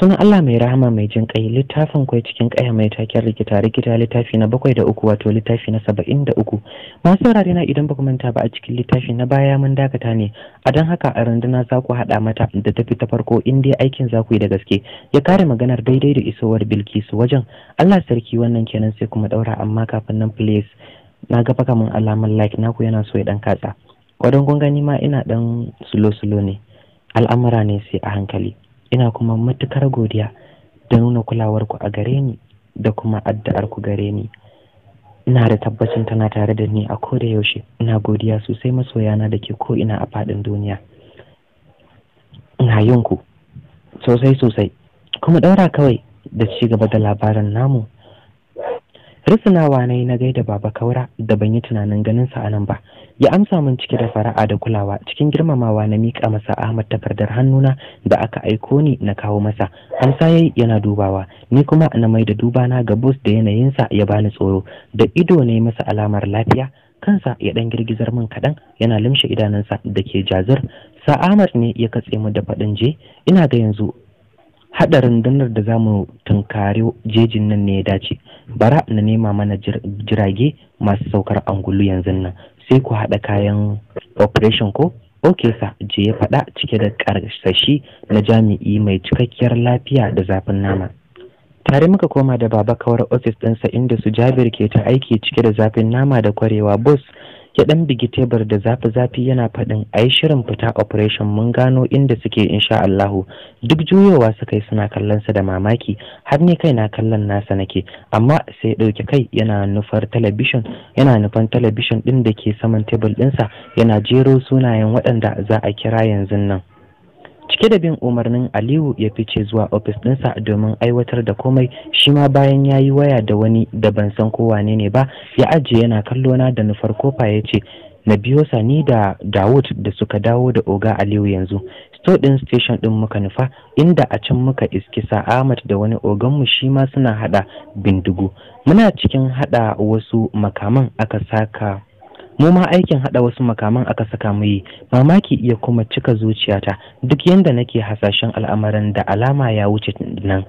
sunan Allah mai rahama mai jin kai littafin kwai cikin kaya mai taken rikita rikita littafi na bakwai da uku wato littafi na saba'in da uku masu saurare na idan baku manta ba a cikin littafi na baya mun dakata ne a don haka a runduna za ku haɗa mata da tafi ta farko in dai aikin za ku yi da gaske ya kare maganar daidai da isowar bilkisu wajen Allah sarki wannan kenan sai kuma ɗaura amma kafin nan please na ga baka mun alamar like naku yana so ya dan katsa wadon kun ma ina ɗan sulo-sulo ne al'amura ne sai a hankali ina kuma matukar godiya da nuna kulawarku a gare ni da kuma addu'arku gare ni ina da tabbacin tana tare da ni a koda yaushe ina godiya sosai masoyana da ke ko ina a faɗin duniya ina yin ku sosai sosai kuma ɗaura kawai da ci gaba da labarin namu risinawa na yi na gaida baba kaura da ban yi tunanin ganin sa anan ba ya amsa min cike da fara'a da kulawa cikin girmamawa na miƙa masa ahmad takardar hannuna da aka aiko ni na kawo masa amsa yayi yana dubawa ni kuma na mai da dubana ga bus da yanayinsa ya bani tsoro da ido na yi masa alamar lafiya kansa ya dan girgizar min kaɗan yana limshe idanunsa da ke jazir sa ahmad ne ya katse mu da faɗin je ina ga yanzu haɗa rundunar da za mu tunkari jejin nan ne ya dace bara na nema mana jirage masu saukar angulu yanzu nan sai ku haɗa kayan operation ko ok sa je ya faɗa cike da ƙarsashi na jami'i mai cikakkiyar lafiya da zafin nama tare muka koma da baba kawar ofis ɗinsa inda su jabir ke ta aiki cike da zafin nama da kwarewa bus. ya dan bigi tebur da zafi-zafi yana faɗin a yi shirin fita operation mun gano inda suke insha Allahu duk juyowa suka yi suna kallon su da mamaki har ni kai na kallon nasa nake amma sai ɗauki kai yana nufar talabishin yana nufan talabishin ɗin da ke saman tebul ɗinsa yana jero sunayen waɗanda za a kira yanzu nan cike da bin umarnin aliyu ya fice zuwa ofis ɗinsa domin aiwatar da komai shi ma bayan ya yi waya da wani da ban san ko wane ne ba ya ajiye yana kallona da nufar kofa ya ce na biyo sani da dawud da suka dawo da oga aliyu yanzu sto ɗin station ɗin muka nufa inda a can muka iski sa ahmad da wani oganmu shi ma suna haɗa bindigu muna cikin haɗa wasu makaman aka saka mu ma aikin hada wasu makaman aka saka mu yi mamaki iya kuma cika zuciyata duk yadda nake hasashen al'amarin da alama ya wuce nan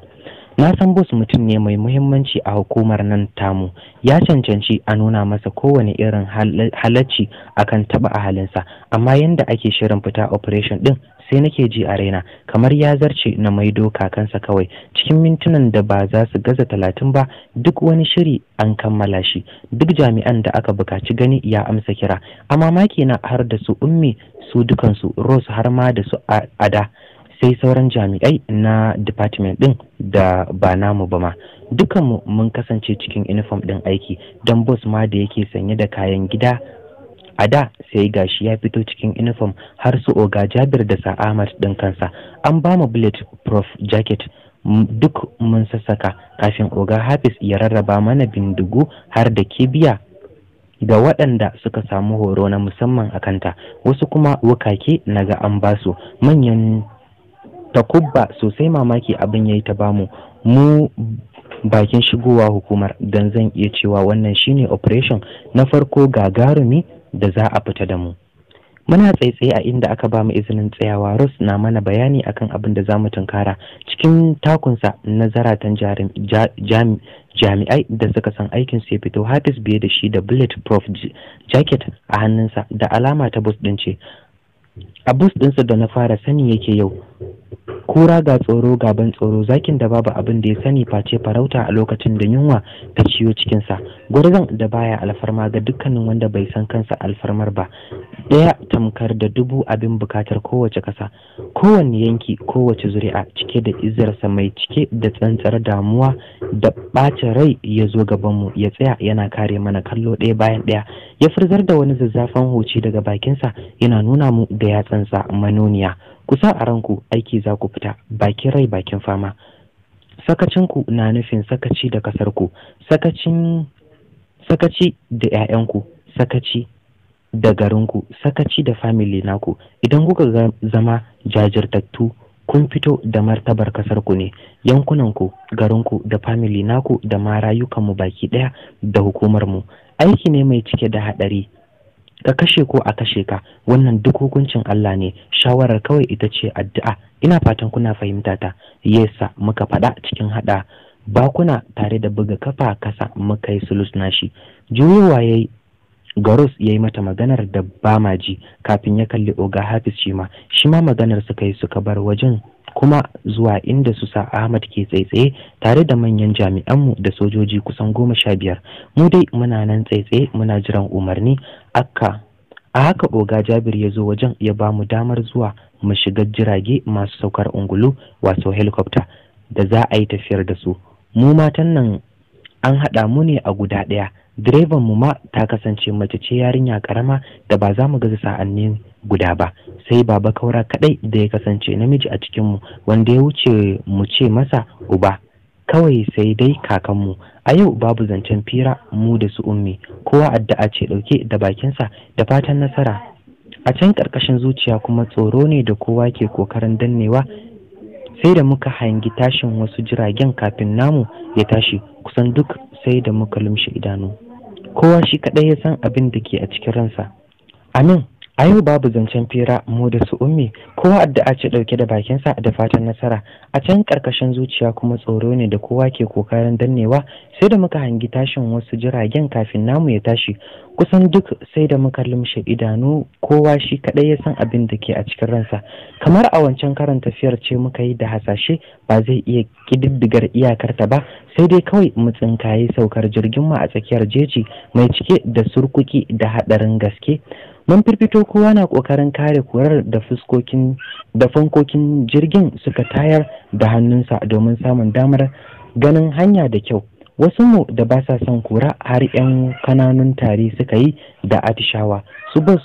na san bus mutum ne mai muhimmanci a hukumar nan tamu ya cancanci a nuna masa kowane irin halacci akan taba a halinsa amma yanda ake shirin fita operation din sai nake ji a raina kamar ya zarce na maido kakansa kawai cikin mintunan da ba za su gaza talatin ba duk wani shiri an kammala shi duk jami'an da aka bukaci gani ya amsa kira amma maki na har da su ummi su dukansu rose har ma da su ada sai sauran jami'ai na department din da ba namu ba ma dukanmu mun kasance cikin uniform din aiki don boss ma da yake sanye da kayan gida a da sai gashi ya fito cikin uniform har su oga jabir da sa'amar din kansa an ba mu bullet prof jacket duk mun sassaka kafin oga hafiz ya rarraba mana bindigu har da kibiya ga waɗanda suka samu horo na musamman a kanta wasu kuma wukake na ga an basu manyan ta kubba sosai mamaki abin ya yi ta bamu mu bakin shigowa hukumar don zan iya cewa wannan shine operation na farko gagarumi da za a fita da mu muna tsaitsaye a inda aka ba mu izinin tsayawa Ross na mana bayani akan abin da za mu tunkara cikin takunsa na zaratan jami'ai da suka san aikin sai fito Hafiz biye da shi da bullet Prof jacket a hannunsa da alama ta bus din ce a bus ɗinsa da na fara sani yake yau kura ga tsoro gaban tsoro zakin da babu abin da ya sani face farauta a lokacin da yunwa ta ciyo cikinsa gwarzon da baya alfarma ga dukkanin wanda bai san kansa alfarmar ba daya tamkar da dubu abin bukatar kowace kasa kowanne yanki kowace zuri'a cike da izarsa mai cike da tsantsar damuwa da ɓacin rai ya zo gabanmu ya tsaya yana kare mana kallo ɗaya bayan ɗaya ya furzar da wani zazzafan hoci daga bakinsa yana nuna mu da ya yatsansa manoniya ku sa a ranku aiki za ku fita bakin rai bakin fama sakacinku na nufin sakaci da kasarku sakacin sakaci da 'ya'yanku sakaci da garinku sakaci da famili naku idan kuka zama jajirtattu kun fito da martabar kasarku ne yankunanku garinku da famili naku da ma rayukanmu baki ɗaya da hukumarmu aiki ne mai cike da haɗari ka kashe ko a kashe ka wannan duk hukuncin Allah ne shawarar kawai ita ce addu'a ina fatan kuna fahimta ta yesa muka faɗa cikin haɗa bakuna tare da buga kafa kasa muka yi sulus nashi juyowa yayi Garus ya yi mata maganar da ba ma ji kafin ya kalli Oga Hafis shi ma shi ma maganar suka yi suka bar wajen kuma zuwa inda su sa Ahmad ke tsaitsaye tare da manyan jami'anmu da sojoji kusan goma sha biyar mu dai muna nan tsaitsaye muna jiran umarni akka a haka oga jabir ya zo wajen ya ba mu damar zuwa mu shiga jirage masu saukar ungulu wato helikopta da za a yi tafiyar da su mu matan nan an haɗa mu ne a guda ɗaya direban mu ma ta kasance mace ce yarinya karama da ba za mu gaza sa'annin guda ba sai baba kaura kadai da ya kasance namiji a cikin mu wanda ya wuce mu ce masa uba kawai sai dai kakanmu a yau babu zancen fira mu da su ummi kowa addu'a ce dauke da bakinsa da fatan nasara a can karkashin zuciya kuma tsoro ne da kowa ke kokarin dannewa sai da muka hangi tashin wasu jiragen kafin namu ya tashi kusan duk sai da muka lumshe idanu kowa shi kaɗai ya san abin da ke a cikin ransa amin a yau babu zancen fira mu da su ummi kowa addu'a ce dauke da bakinsa da fatan nasara a can karkashin zuciya kuma tsoro ne da kowa ke kokarin dannewa sai da muka hangi tashin wasu jiragen kafin namu ya tashi kusan duk sai da muka lumshe idanu kowa shi kadai ya san abin da ke a cikin ransa kamar a wancan karan tafiyar ce muka yi da hasashe ba zai iya kididdigar iyakarta ba sai dai kawai mu tsinkaye saukar jirgin mu a tsakiyar jeji mai cike da surkuki da hadarin gaske mun firfito kowa na ƙoƙarin kare kurar da fuskokin da fankokin jirgin suka tayar da hannunsa domin samun damar ganin hanya da kyau wasu mu da ba sa son kura har 'yan kananun tari suka yi da atishawa su ba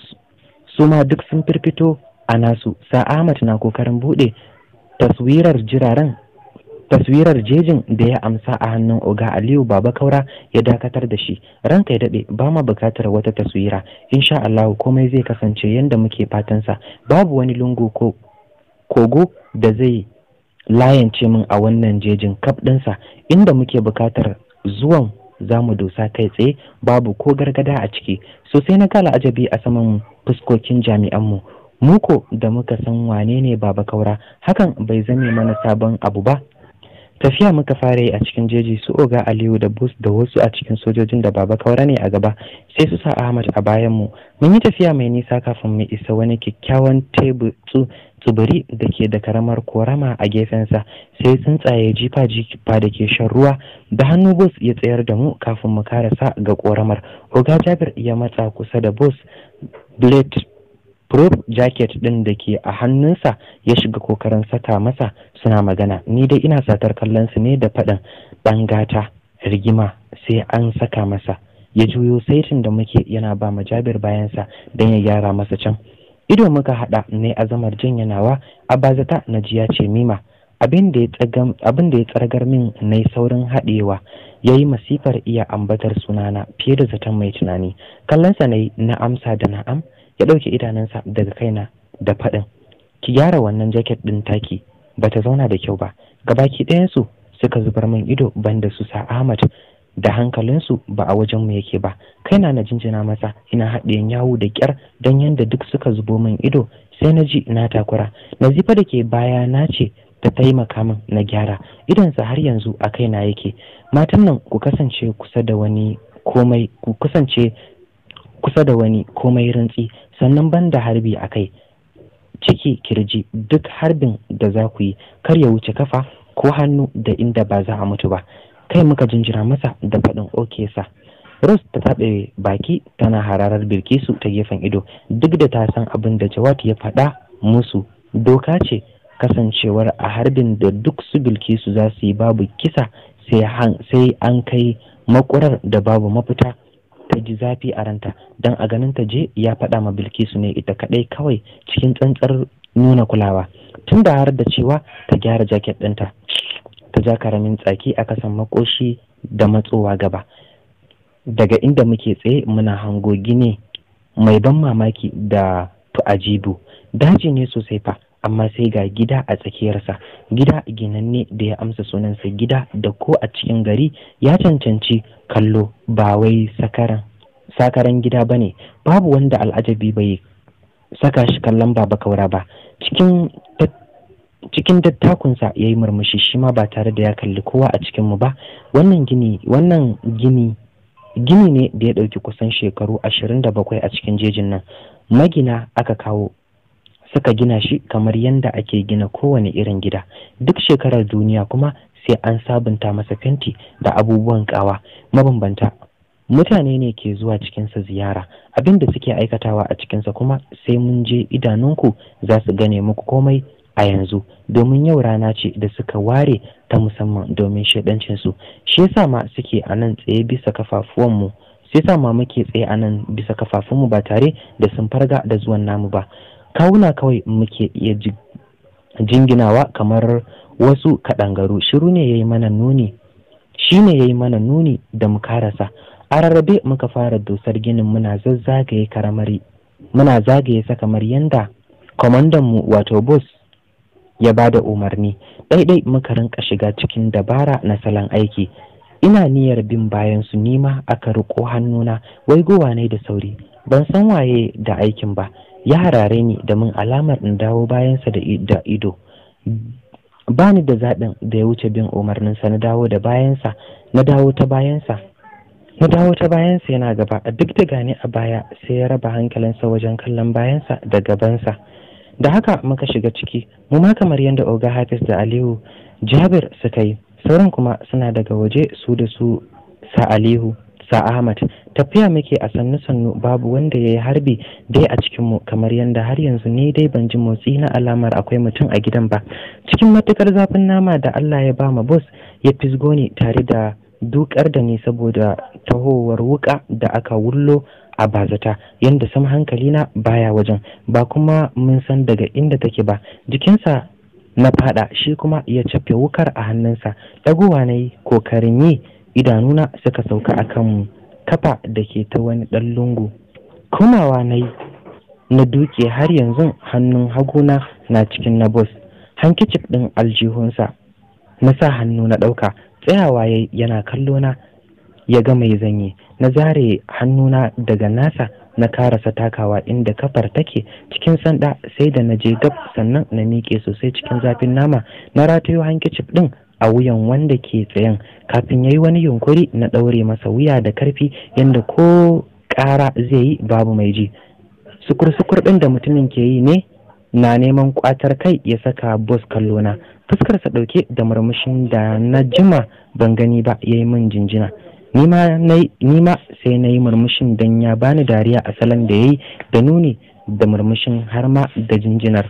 su ma duk sun firfito a nasu sa ahmad na kokarin buɗe taswirar jiraren taswirar jejin da ya amsa a hannun oga aliyu baba kaura ya dakatar da shi ranka ya daɗe ba ma buƙatar wata taswira insha allahu komai zai kasance yadda muke fatansa babu wani lungu ko kogo da zai layance min a wannan jejin kaf ɗinsa inda muke buƙatar zuwan za mu dosa kai tsaye babu ko gargada a ciki sosai na kala ajabi a saman fuskokin jami'anmu muko da muka san wane ne baba kaura hakan bai zame mana sabon abu ba tafiya muka fara yi a cikin jeji su oga aliyu da bus da wasu a cikin sojojin da baba kaura ne a gaba sai su sa ahmad a bayan mu mun yi tafiya mai nisa kafin mu isa wani kyakkyawan tebur tsubiri da ke da karamar korama a gefensa sai tsuntsaye jifa jifa da ke shan ruwa da hannu bus ya tsayar da mu kafin mu karasa ga koramar oga jabir ya matsa kusa da bus blade robe jacket ɗin da ke a hannunsa ya shiga kokarin saka masa suna magana ni dai ina satar kallon ne da faɗin ɗan gata rigima sai an saka masa ya juyo saitin da muke yana ba ma jabir bayansa don ya gyara masa can ido muka haɗa ne azamar jin yanawa a bazata na jiya ce mima abin da ya tsargar min na saurin haɗewa ya yi masifar iya ambatar sunana fiye da zaton mai tunani kallonsa na na amsa da na'am ya ɗauke idanunsa daga kaina da faɗin ki gyara wannan jaket ɗin taki ba ta zauna da kyau ba gabaki ɗayansu suka zubar min ido banda su sa Ahmad da hankalinsu ba a wajen mu yake ba Kai na jinjina masa ina haɗiyan yawo da ƙyar don yanda duk suka zubo min ido sai na ji na takura nazifa da ke baya na ce ta taimaka min na gyara idansa har yanzu a kaina yake matan nan ku kasance kusa da wani komai ku kasance kusa da wani komai rantsi sannan ban da harbi a kai ciki kirji duk harbin da za ku yi kar ya wuce kafa ko hannu da inda ba za a mutu ba kai muka jinjira masa da faɗin oke sa Rose ta taɓe baki tana hararar Bilkisu ta gefen ido duk da ta san abin da jawat ya faɗa musu doka ce kasancewar a harbin da duk su Bilkisu za su yi babu kisa sai an kai makurar da babu mafita ta ji zafi a ranta don a ganin ta je ya faɗa ma bilkisu ne ita kaɗai kawai cikin tsantsar nuna kulawa tun da har da cewa ta gyara jaket ɗinta ta ja karamin tsaki a kasan makoshi da matsowa gaba daga inda muke tsaye muna hango gine mai ban mamaki da tu'ajibu daji ne sosai fa amma sai ga gida a tsakiyarsa gida ginanne da ya amsa sunansa gida da ko a cikin gari ya cancanci kallo ba wai sakaran gida ba ne babu wanda al'ajabi bai saka shi kallon baba kaura ba cikin cikin dattakunsa ya yi murmushi shi ma ba tare da ya kalli kowa a cikinmu ba wannan gini wannan gini gini ne da ya ɗauki kusan shekaru ashirin da bakwai a cikin jejin nan magina aka kawo suka gina shi kamar yadda ake gina kowane irin gida duk shekarar duniya kuma sai an sabunta masa fenti da abubuwan kawa mabambanta mutane ne ke zuwa cikinsa ziyara abin da suke aikatawa a cikinsa kuma sai mun je idanunku za su gane muku komai a yanzu domin yau rana ce da suka ware ta musamman domin shaidancinsu shi yasa ma suke a nan tsaye bisa kafafuwanmu sai sa ma muke tsaye a nan bisa kafafunmu ba tare da sun farga da zuwan namu ba kawuna kawai muke iya jinginawa kamar wasu kaɗangaru shiru ne ya yi mana nuni shi ne ya yi mana nuni da mu karasa a rarrabe muka fara dosar ginin muna zazzagaye karamari muna zagaye sa kamar yanda kwamandanmu wato bus ya ba da umarni ɗaiɗai muka rinka shiga cikin dabara na salon aiki ina niyyar bin bayan su nima aka riko hannuna wai gowa ne da sauri ban san waye da aikin ba ya harare ni da min alamar in dawo bayansa da ido ba ni da zaɓin da ya wuce bin umarninsa na dawo da bayansa na dawo ta bayansa na dawo ta bayansa yana gaba a duk da gane a baya sai ya raba hankalinsa wajen kallon bayansa da gabansa da haka muka shiga ciki mu ma kamar yadda oga hafiz da aliyu jabir suka yi sauran kuma suna daga waje su da su sa aliyu sa Ahmad tafiya muke a sannu sannu babu wanda ya yi harbi dai a cikinmu kamar yadda har yanzu ni dai ban ji motsi na alamar akwai mutum a gidan ba cikin matukar zafin nama da Allah ya ba ma bos ya fisgo ni tare da dukar da ni saboda tahowar wuka da aka wullo a bazata yadda sam na baya wajen ba kuma mun san daga inda take ba jikinsa na fada shi kuma ya cafe wukar a hannunsa ɗagowa na yi kokarin yi idanuna suka sauka a kan kafa da ke ta wani ɗan lungu komawa na yi na duke har yanzu hannun haguna na cikin na bus hankicif ɗin aljihunsa na sa hannu na ɗauka tsayawa yana kallo na ya ga mai zanye na zare hannuna daga nasa na karasa takawa inda kafar take cikin sanda sai da na je gab sannan na miƙe sosai cikin zafin nama na ratayo hankicif ɗin a wuyan wanda ke tsayen kafin ya yi wani yunkuri na ɗaure masa wuya da karfi yadda ko ƙara zai yi babu mai ji sukur-sukur ɗin da mutumin ke yi ne na neman ƙwatar kai ya saka bus kallona fuskarsa ɗauke da murmushin da na jima ban gani ba ya yi min jinjina nima sai na yi murmushin don ya bani dariya a salon da ya yi da nuni da murmushin har ma da jinjinar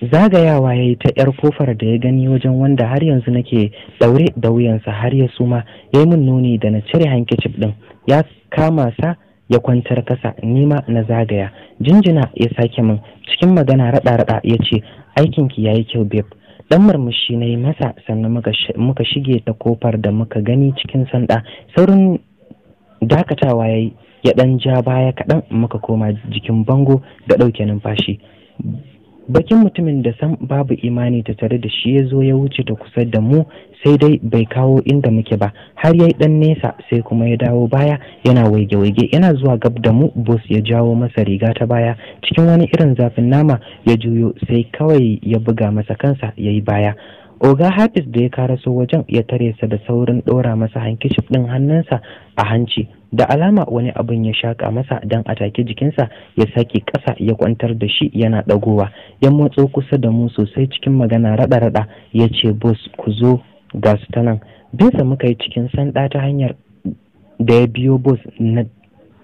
zagayawa ya yi ta 'yar kofar da ya gani wajen wanda har yanzu nake daure da wuyansa har ya suma ya yi min nuni da na cire hankicif ɗin ya kama sa ya kwantar kasa nima na zagaya jinjina ya sake min cikin magana raɗa-raɗa ya ce aikinki ya yi kyau beb dan murmushi na yi masa sannan muka shige ta kofar da muka gani cikin sanda saurin dakatawa ya yi ya ɗan ja baya kaɗan muka koma jikin bango da ɗauke numfashi bakin mutumin da sam babu imani ta tare da shi ya zo ya wuce ta kusa da mu sai dai bai kawo inda muke ba har yayi dan nesa sai kuma ya dawo baya yana waige-waige yana zuwa gab da mu Bus ya jawo masa riga ta baya cikin wani irin zafin nama ya juyo sai kawai ya buga masa kansa ya yi baya oga hafiz da ya karaso wajen ya tare sa da saurin ɗora masa hankishif ɗin hannunsa a hanci da alama wani abin ya shaƙa masa don take jikinsa ya sake ƙasa ya kwantar da shi yana ɗagowa ya motso kusa da mu sosai cikin magana raɗa-raɗa ya ce bus ku zo ga ta nan binsa muka yi cikin sanɗa ta hanyar da ya biyo bus na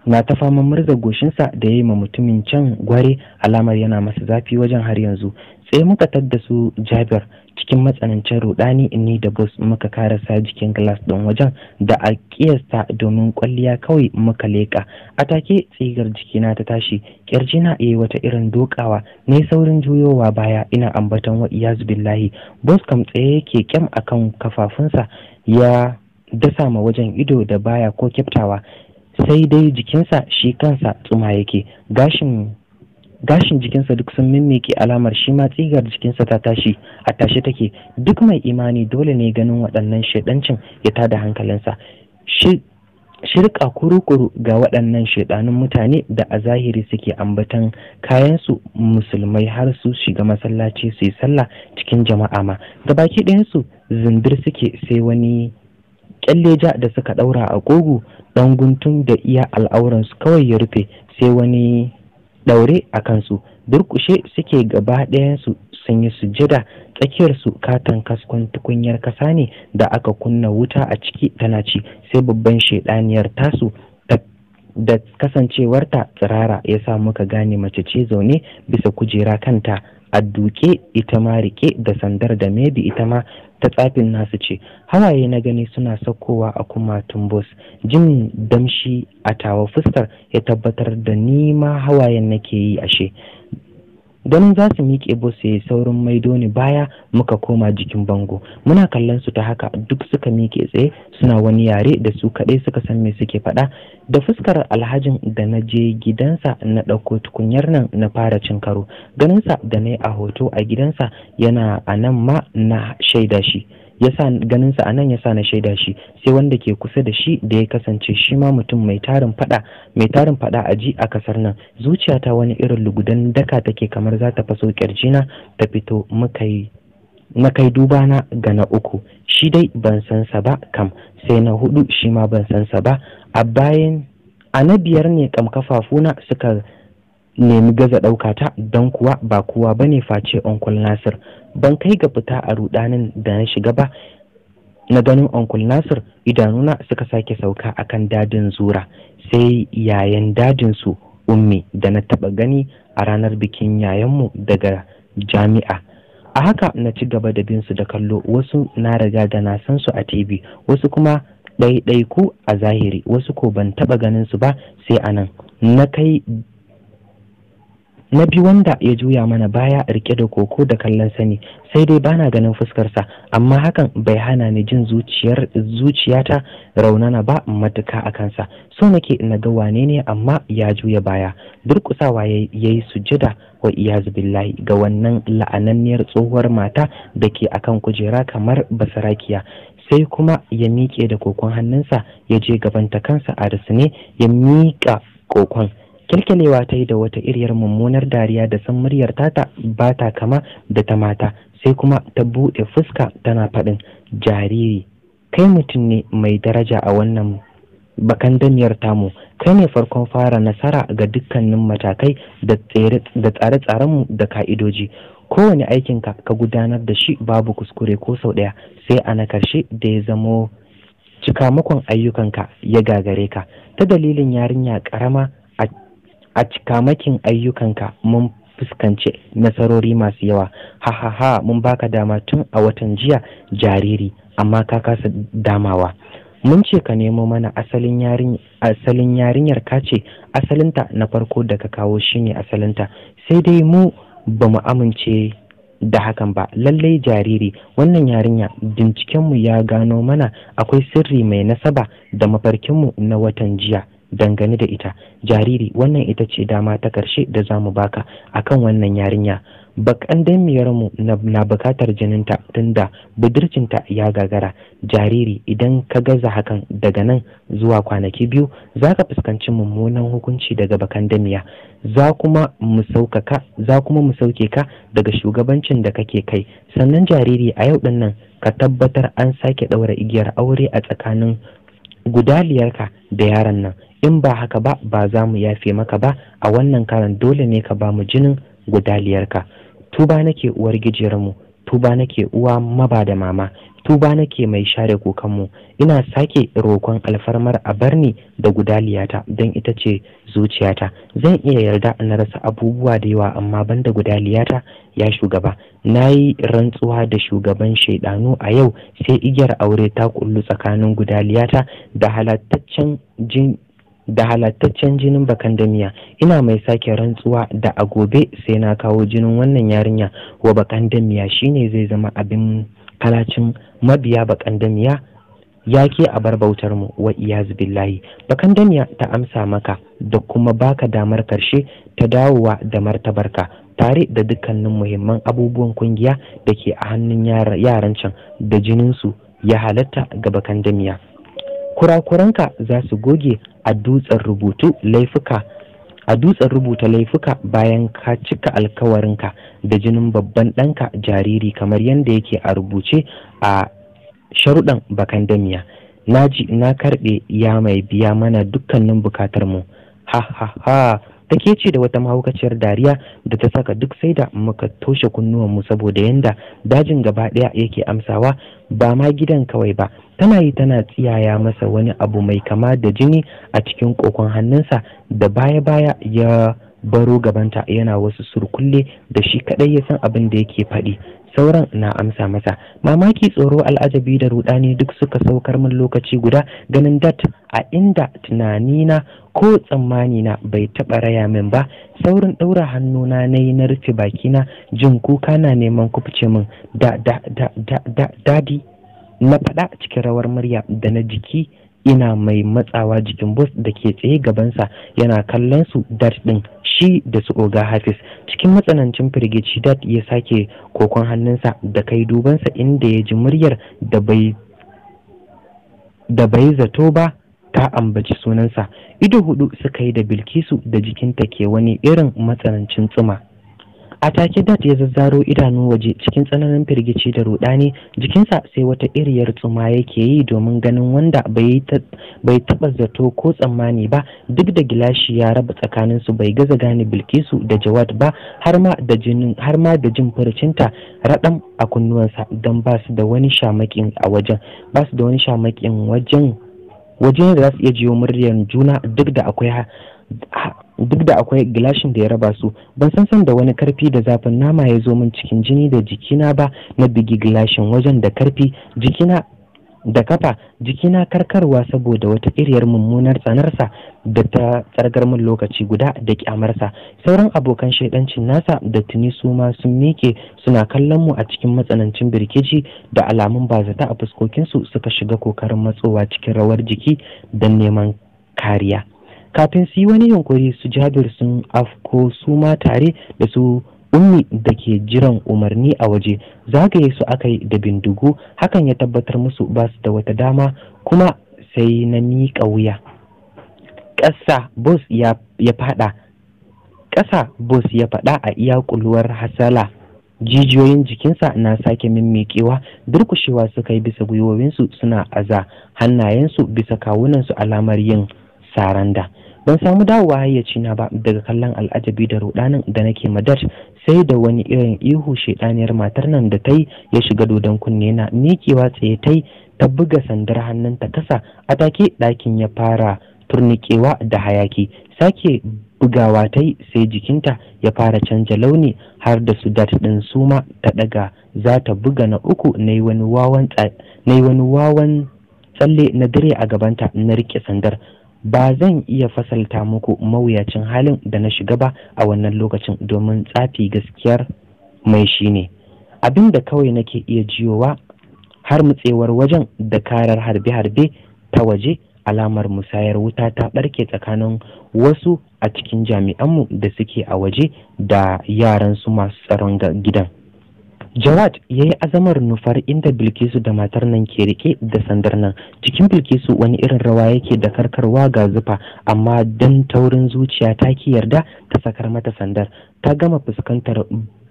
na ta fama murza goshinsa da ya yi ma mutumin can gware alamar yana masa zafi wajen har yanzu sai muka tadda su jabir cikin matsanancin rudani ni da bus muka karasa jikin glass ɗin wajen da a kiyasta domin kwalliya kawai muka leƙa a take tsigar jikina ta tashi kirjina yi wata irin dokawa ne saurin juyowa baya ina ambatan wa iyazu billahi bus kam tsaye yake kyam akan kafafunsa ya dasa ma wajen ido da baya ko kyaftawa sai dai jikinsa shi kansa tsuma yake gashin gashin jikinsa duk sun mimmiki alamar shi ma tsigar jikinsa ta tashi a tashi take duk mai imani dole ne ganin waɗannan shaidancin ya tada hankalinsa shirka kurukuru ga waɗannan shaidanun mutane da a zahiri suke ambatan kayansu musulmai har su shiga masallaci su sallah cikin jama'a ma gabaki ɗayansu zindir suke sai wani kyalle da suka daura a gogu dan guntun da iya al'auransu kawai ya rufe sai wani daure a kansu durkushe suke gaba ɗayansu sun yi sujjada su katon kaskon tukunyar kasa ne da aka kunna wuta a ciki tana ci sai babban shaidaniyar tasu da kasancewarta tsirara ya sa muka gane mace ce zaune bisa kujera kanta a duke ita ma rike da sandar da mebi ita ma ta tsafin nasu ce hawaye na gani suna saukowa a kuma tumbus jin damshi a tawa fuskar ya tabbatar da ni ma hawayen nake yi ashe ganin za su miƙe bus yayi saurin maido ne baya muka koma jikin bango muna kallon su ta haka duk suka miƙe tsaye suna wani yare da su kaɗai suka san me suke faɗa da fuskar alhajin da na je gidansa na ɗauko tukunyar nan na fara cin karo ganinsa da na yi a hoto a gidansa yana a nan ma na shaida shi ya sa ganinsa a nan ya sa na shaida shi sai wanda ke kusa da shi da ya kasance shi ma mutum mai tarin fada mai tarin fada a ji a kasar nan zuciyata wani irin lugudan daka take kamar za ta faso na. ta fito muka yi na kai duba na ga na uku shi dai ban san sa ba kam sai na hudu shi ma ban san sa ba a bayan a na biyar ne kam kafafuna suka nemi gaza ɗauka don kuwa ba kowa ba ne face onkul nasir ban kai ga fita a rudanin da na shiga ba na ganin onkul nasir idanuna suka sake sauka a kan dadin zura sai yayan dadin ummi da na taba gani a ranar bikin yayanmu daga jami'a a haka na ci gaba da binsu da kallo wasu na riga da na san su a tv wasu kuma ɗaiɗaiku a zahiri wasu ko ban taɓa ganin su ba sai anan na kai na bi wanda ya juya mana baya rike da koko da kallon sani sai dai bana ganin fuskarsa amma hakan bai hana ni jin zuciyar zuciyata raunana ba matuka a kansa so nake na ga wane ne amma ya juya baya durkusawa ya yi sujjada wa iyazu billahi ga wannan la'ananniyar tsohuwar mata da ke akan kujera kamar basarakiya sai kuma ya miƙe da kokon hannunsa ya je gabanta kansa a ne ya miƙa kokon kirkilewa ta yi da wata iriyar mummunar dariya da san muryar tata ba ta kama da ta mata sai kuma ta buɗe fuska tana faɗin jariri kai mutum ne mai daraja a wannan bakan daniyar tamu kai ne farkon fara nasara ga dukkanin matakai da tsare-tsarenmu da ka'idoji kowane aikinka ka gudanar da shi babu kuskure ko sau ɗaya sai a na karshe da ya zamo cikamakon ayyukanka ya gagare ka ta dalilin yarinya ƙarama a cikamakin ayyukanka mun fuskanci nasarori masu yawa ha ha ha mun baka dama tun a watan jiya jariri amma ka kasa damawa mun ce ka nemo mana asalin yarinyar ka ce asalinta na farko da ka kawo shine asalinta sai dai mu ba mu amince da hakan ba lallai jariri wannan yarinya bincikenmu ya gano mana akwai sirri mai nasaba da mafarkinmu na watan jiya dangane da ita jariri wannan ita ce dama ta karshe da za mu baka kan wannan yarinya bakan mu na bukatar jininta tunda budurcinta ya gagara jariri idan ka gaza hakan daga nan zuwa kwanaki biyu za ka fuskanci mummunan hukunci daga bakan damiya za kuma mu sauke ka daga shugabancin da kake kai sannan jariri a yau ɗin nan ka tabbatar an sake ɗaura igiyar aure a tsakanin gudaliyarka da yaron nan in ba haka ba ba za mu yafe maka ba a wannan karan dole ne ka ba mu jinin gudaliyarka tuba nake uwar gijiyarmu tuba nake uwa maba da mama tuba nake mai share kukanmu ina sake rokon alfarmar a barni da gudaliyata don ita ce zuciyata zan iya yarda na rasa abubuwa da yawa amma ban da gudaliyata ya shugaba na yi rantsuwa da shugaban shaidanu a yau sai igiyar aure ta kullu tsakanin gudaliyata da halattaccen jin da halattaccen jinin bakandamiya ina mai sake rantsuwa da a gobe sai na kawo jinin wannan yarinya wa bakandamiya shine zai zama abin kalacin mabiya bakandamiya ya ke a bar bautar mu wa iyaz billahi bakandamiya ta amsa maka da kuma baka damar karshe ta dawowa da martabarka tare da dukkanin muhimman abubuwan kungiya da ke a hannun yaran can da jininsu ya halatta ga bakandamiya kurakuranka za su goge a dutsen rubutu laifuka a dutsen rubuta laifuka bayan ka cika alkawarinka da jinin babban ɗanka jariri kamar yadda yake a rubuce a sharuɗan bakan damiya ji na karɓe ya mai biya mana dukkanin bukatar mu ha ha ha take ce da wata mahaukaciyar dariya da ta saka duk sai da muka toshe kunnuwanmu saboda yanda dajin gaba ɗaya yake amsawa ba ma gidan kawai ba tana yi tana tsiyaya masa wani abu mai kama da jini a cikin kokon hannunsa da baya-baya ya baro gabanta yana wasu surkulle da shi kadai ya san abin da yake faɗi sauran na amsa masa mamaki tsoro al'ajabi da rudani duk suka saukar min lokaci guda ganin dat a inda tunanina ko tsammani na bai taɓa raya min ba saurin ɗaura hannuna na yi na rufe bakina jin kuka na neman kufce min da da da da dadi na faɗa cikin rawar murya da na jiki ina mai matsawa jikin bus da ke tsaye gabansa yana kallon su dat din shi da su oga hafiz cikin matsanancin firgici dat ya sake kokon hannunsa da kai dubansa inda ya ji muryar da bai zato ba ta ambaci sunansa ido hudu suka yi da bilkisu da jikinta ke wani irin matsanancin tsuma a take dat ya zazzaro idanu waje cikin tsananin firgici da rudani jikinsa sai wata iriyar tsuma yake yi domin ganin wanda bai taba zato ko tsammani ba duk da gilashi ya raba tsakanin su bai gaza gane bilkisu da jawad ba har ma da jin furcinta raɗam a kunnuwansa don ba su da wani shamakin a wajen ba su da wani shamakin wajen wajen da za su iya jiyo muryar juna duk da akwai duk da akwai gilashin da ya raba su ban san san da wani karfi da zafin nama ya zo min cikin jini da jikina ba na bigi gilashin wajen da karfi jikina da kafa jikina karkarwa saboda wata iriyar mummunar tsanarsa da ta tsargar min lokaci guda da kyamarsa sauran abokan shaidancin nasa da tuni su ma sun mike suna kallon mu a cikin matsanancin birkici da alamun bazata a fuskokinsu suka shiga kokarin matsowa cikin rawar jiki don neman kariya kafin su yi wani yunkuri su jabir sun afko su ma tare da su ummi da ke jiran umarni a waje zagaye su aka yi da bindigu hakan ya tabbatar musu ba su da wata dama kuma sai na miƙa wuya ƙasa bos ya faɗa ƙasa ya faɗa a iya hasala jijiyoyin jikinsa na sake mimmiƙewa durkushewa suka yi bisa gwiwowinsu suna aza hannayensu bisa kawunansu alamar yin saranda ban samu dawowa hayyaci na ba daga kallon al'ajabi da rudanin da nake madar sai da wani irin ihu shedaniyar matar nan da ta yi ya shiga dodon kunne na miƙewa tsaye ta ta buga sandar hannun ta kasa a take ɗakin ya fara turnikewa da hayaki sake bugawa ta yi sai jikinta ya fara canja launi har da su dat ɗin suma ta ɗaga za ta buga na uku na yi wani wawan tsalle na dare a gabanta na rike sandar ba zan iya fasalta muku mawuyacin halin da na shiga ba a wannan lokacin domin tsafi gaskiyar mai shi ne abin da kawai nake iya jiyowa har mutsewar wajen da karar harbe-harbe ta waje alamar musayar wuta ta ɓarke tsakanin wasu a cikin jami'anmu da suke a waje da yaransu masu tsaron gidan Jawad ya yi azamar nufar inda Bilkisu da matar nan ke rike da sandar nan. Cikin Bilkisu wani irin rawa yake da karkarwa ga zufa, amma don taurin zuciya ta ki yarda ta sakar mata sandar. Ta gama fuskantar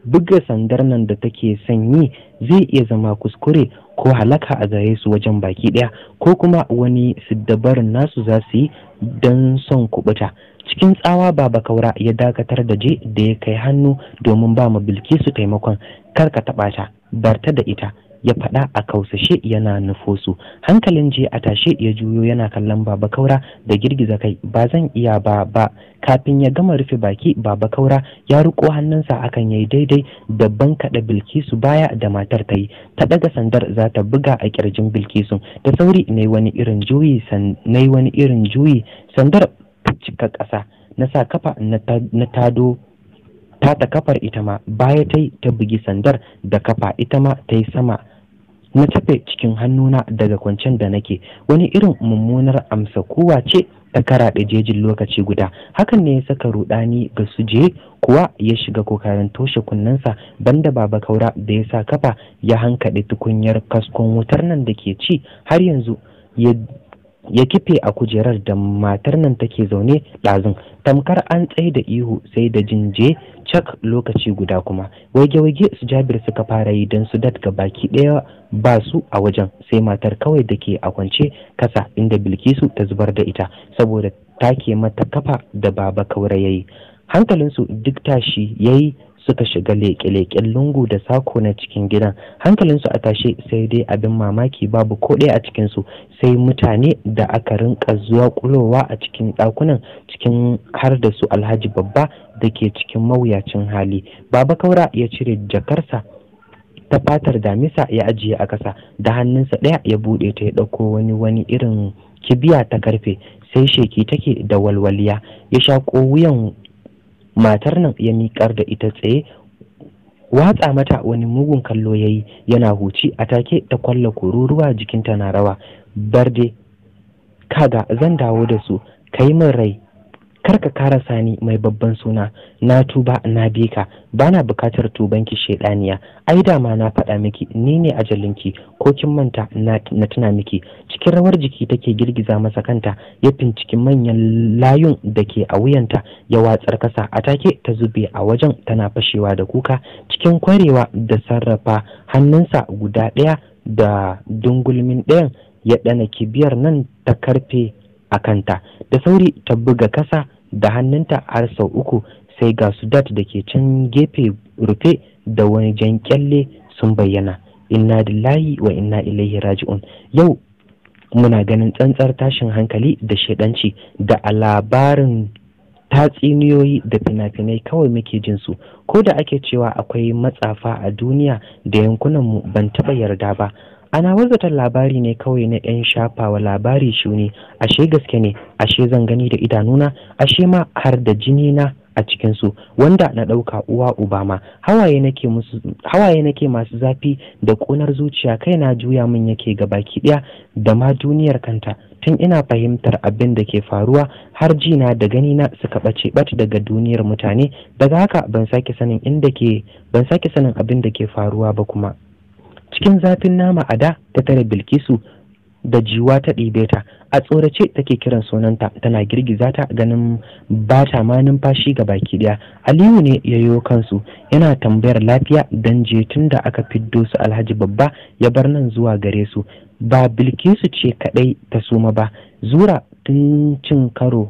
buga sandar nan da take sanyi zai iya zama kuskure ko halaka a zaye su wajen baki ɗaya ko kuma wani siddabarin nasu za su yi don son kubuta. cikin tsawa baba kaura ya dakatar da je da ya kai hannu domin ba mu bilkisu taimakon kar ka taɓa ta barta da ita ya faɗa a kausashe yana nufosu hankalin je a tashe ya juyo yana kallon baba kaura da girgiza kai ba zan iya ba ba kafin ya gama rufe baki baba kaura ya riko hannunsa akan yayi daidai da kaɗa bilkisu baya da matar ta yi ta ɗaga sandar za ta buga a kirjin bilkisu da sauri na wani irin juyi wani irin juyi sandar cika ƙasa na sa kafa na tado ta ta kafar ita ma baya ta yi ta bugi sandar da kafa ita ma ta yi sama na tafe cikin hannuna daga kwancen da nake wani irin mummunar amsa kowa ce ta da jejin lokaci guda hakan ne ya saka rudani ga suje kuwa ya shiga kokarin toshe kunnensa banda baba kaura da ya sa kafa ya hankaɗe tukunyar kaskon wutar nan da ke ci har yanzu ya ya kife a kujerar da matar nan take zaune ɗazun tamkar an tsaye da ihu sai da jinje cak lokaci guda kuma wage-wage su jabir suka fara yi don su datka baki ɗaya ba su a wajen sai matar kawai da ke a kwance kasa inda bilkisu ta zubar da ita saboda take mata kafa da baba kaurayayi yayi hankalinsu duk tashi yayi suka shiga leƙe-leƙen lungu da sako na cikin gidan hankalinsu a tashe sai dai abin mamaki babu ko ɗaya a cikinsu sai mutane da aka rinka zuwa kulowa a cikin ɗakunan cikin har da su alhaji babba da ke cikin mawuyacin hali baba kaura ya cire jakarsa ta fatar damisa ya ajiye a ƙasa da hannunsa ɗaya ya buɗe ta ya ɗauko wani wani irin kibiya ta karfe sai sheki take da walwaliya ya shaƙo wuyan matar nan ya miƙar da ita tsaye watsa mata wani mugun kallo ya yi yana huci a take ta kwallo kururuwa jikinta na rawa barde kaga zan dawo da su kai min rai kar ka kara sani mai babban suna na tuba na bika, ba bana bukatar tubanki shedaniya ai dama na faɗa miki ni ne ajalinki ko kin manta na tuna miki cikin rawar jiki take girgiza masa kanta ya cikin manyan layun da ke a wuyanta ya watsar kasa a take ta zube a wajen tana fashewa da kuka cikin kwarewa da sarrafa hannunsa guda ɗaya da dungulmin ɗayan ya ɗana kibiyar nan ta karfe a kanta da sauri ta buga kasa da hannunta har sau uku sai ga su dat da ke can gefe rufe da wani jan kyalle sun bayyana inna lillahi wa inna ilaihi raji'un yau muna ganin tsantsar tashin hankali da shaidanci da a labarin tatsiniyoyi da fina-finai kawai muke jin su ko da ake cewa akwai matsafa a duniya da yankunanmu ban taɓa yarda ba ana wazata labari ne kawai na 'yan shafawa labari shuni ashe gaske ne ashe zan gani da idanuna ashe ma har da jini na a cikinsu wanda na ɗauka uwa uba ma hawaye nake masu zafi da ƙunar zuciya kai na juya min yake ga baki ɗaya da ma duniyar kanta tun ina fahimtar abin da ke faruwa har jina da ganina suka ɓace ɓat daga duniyar mutane daga haka ban ke ban sake sanin abin da ke faruwa ba kuma cikin zafin nama a da ta tare bilkisu da jiwa ta ɗibe ta a tsorace take kiran sunanta tana girgiza ta ganin ba ta ma numfashi ga baki ɗaya aliyu ne ya yo kansu yana tambayar lafiya don je tun da aka fiddo su alhaji babba ya bar nan zuwa gare su ba bilkisu ce kaɗai ta suma ba zura tun cin karo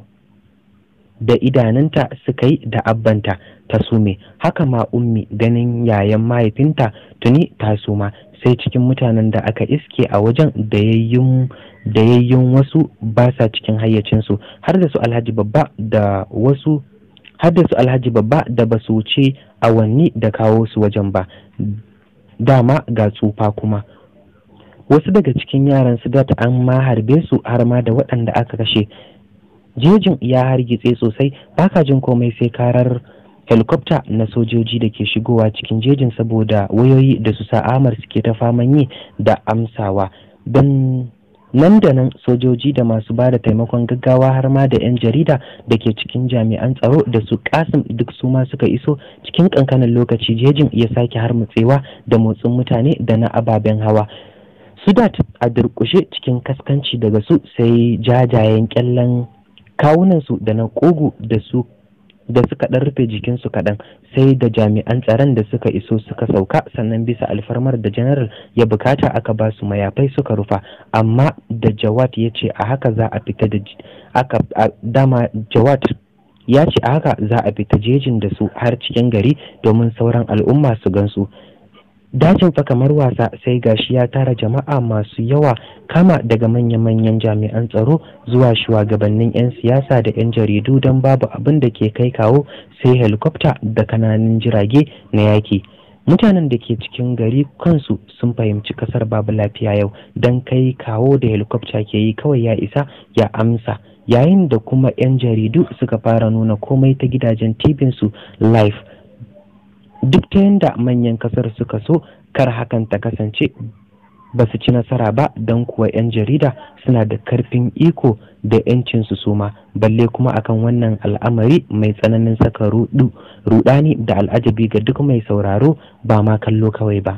da idanunta suka yi da abbanta ta sume haka ma ummi ganin yayan mahaifinta tuni ta suma sai cikin mutanen da aka iske a wajen da yayyun wasu ba sa cikin hayyacinsu har da su alhaji babba da wasu har da su alhaji babba da ba su wuce awanni da kawo su wajen ba dama ga tsufa kuma wasu daga cikin yaran su data an ma harbe su har ma da waɗanda aka kashe jejin ya hargitse sosai baka jin komai sai karar helikwafta na sojoji da ke shigowa cikin jejin saboda wayoyi da su sa'amar suke ta faman yi da amsawa don nan da nan sojoji da masu ba da taimakon gaggawa har ma da 'yan jarida da ke cikin jami'an tsaro da su kasim duk su ma suka iso cikin kankanin lokaci jejin ya sake har mutsewa da motsin mutane da na ababen hawa sudat a durkushe cikin kaskanci daga su sai jajayen kyallen kawunansu da na kogo da su da suka ɗan rufe jikinsu kaɗan sai da jami'an tsaron da suka iso suka sauka sannan bisa alfarmar da janaral ya bukata aka ba su mayafai suka rufa amma da jawad ya ce a haka za a fita da aka dama jawad ya ce a haka za a fita jejin da su har cikin gari domin sauran al'umma su gansu dacin fa kamar wasa sai gashi ya tara jama'a masu yawa kama daga manya-manyan jami'an tsaro zuwa shugabannin 'yan siyasa da 'yan jaridu don babu abin da ke kai kawo sai helikwafta da kananan jirage na yaki mutanen da ke cikin gari kansu sun fahimci kasar babu lafiya yau don kai kawo da helikwafta ke yi kawai ya isa ya amsa yayin da kuma 'yan jaridu suka fara nuna komai ta gidajen tibinsu Life. duk ta yadda manyan kasar suka so kar hakan ta kasance ba su ci nasara ba don kuwa 'yan jarida suna da karfin iko da yancin su suma balle kuma akan wannan al'amari mai tsananin saka rudani da al'ajabi ga duk mai sauraro ba ma kallo kawai ba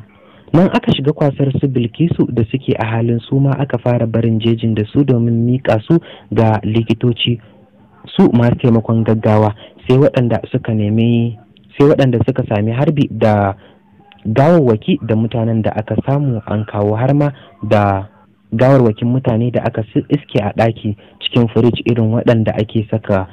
nan aka shiga kwasar su bilkisu da suke a halin suma aka fara barin jejin da su domin miƙa su ga likitoci su masu taimakon gaggawa sai waɗanda suka nemi sai waɗanda suka sami harbi da gawarwaki da mutanen da aka samu an kawo har ma da gawarwakin mutane da aka iske a ɗaki cikin firij irin waɗanda ake saka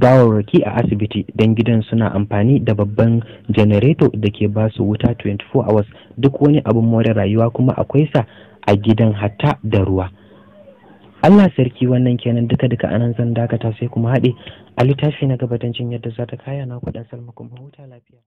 gawarwaki a asibiti don gidan suna amfani da babban janareto da ke ba su wuta 24 hours duk wani abin more rayuwa kuma akwai sa a gidan hatta da ruwa. Allah sarki wannan kenan duka duka anan zan dakata sai kuma haɗe a littafi na gabatancin yadda za ta kaya na kuɗa salma kuma huta lafiya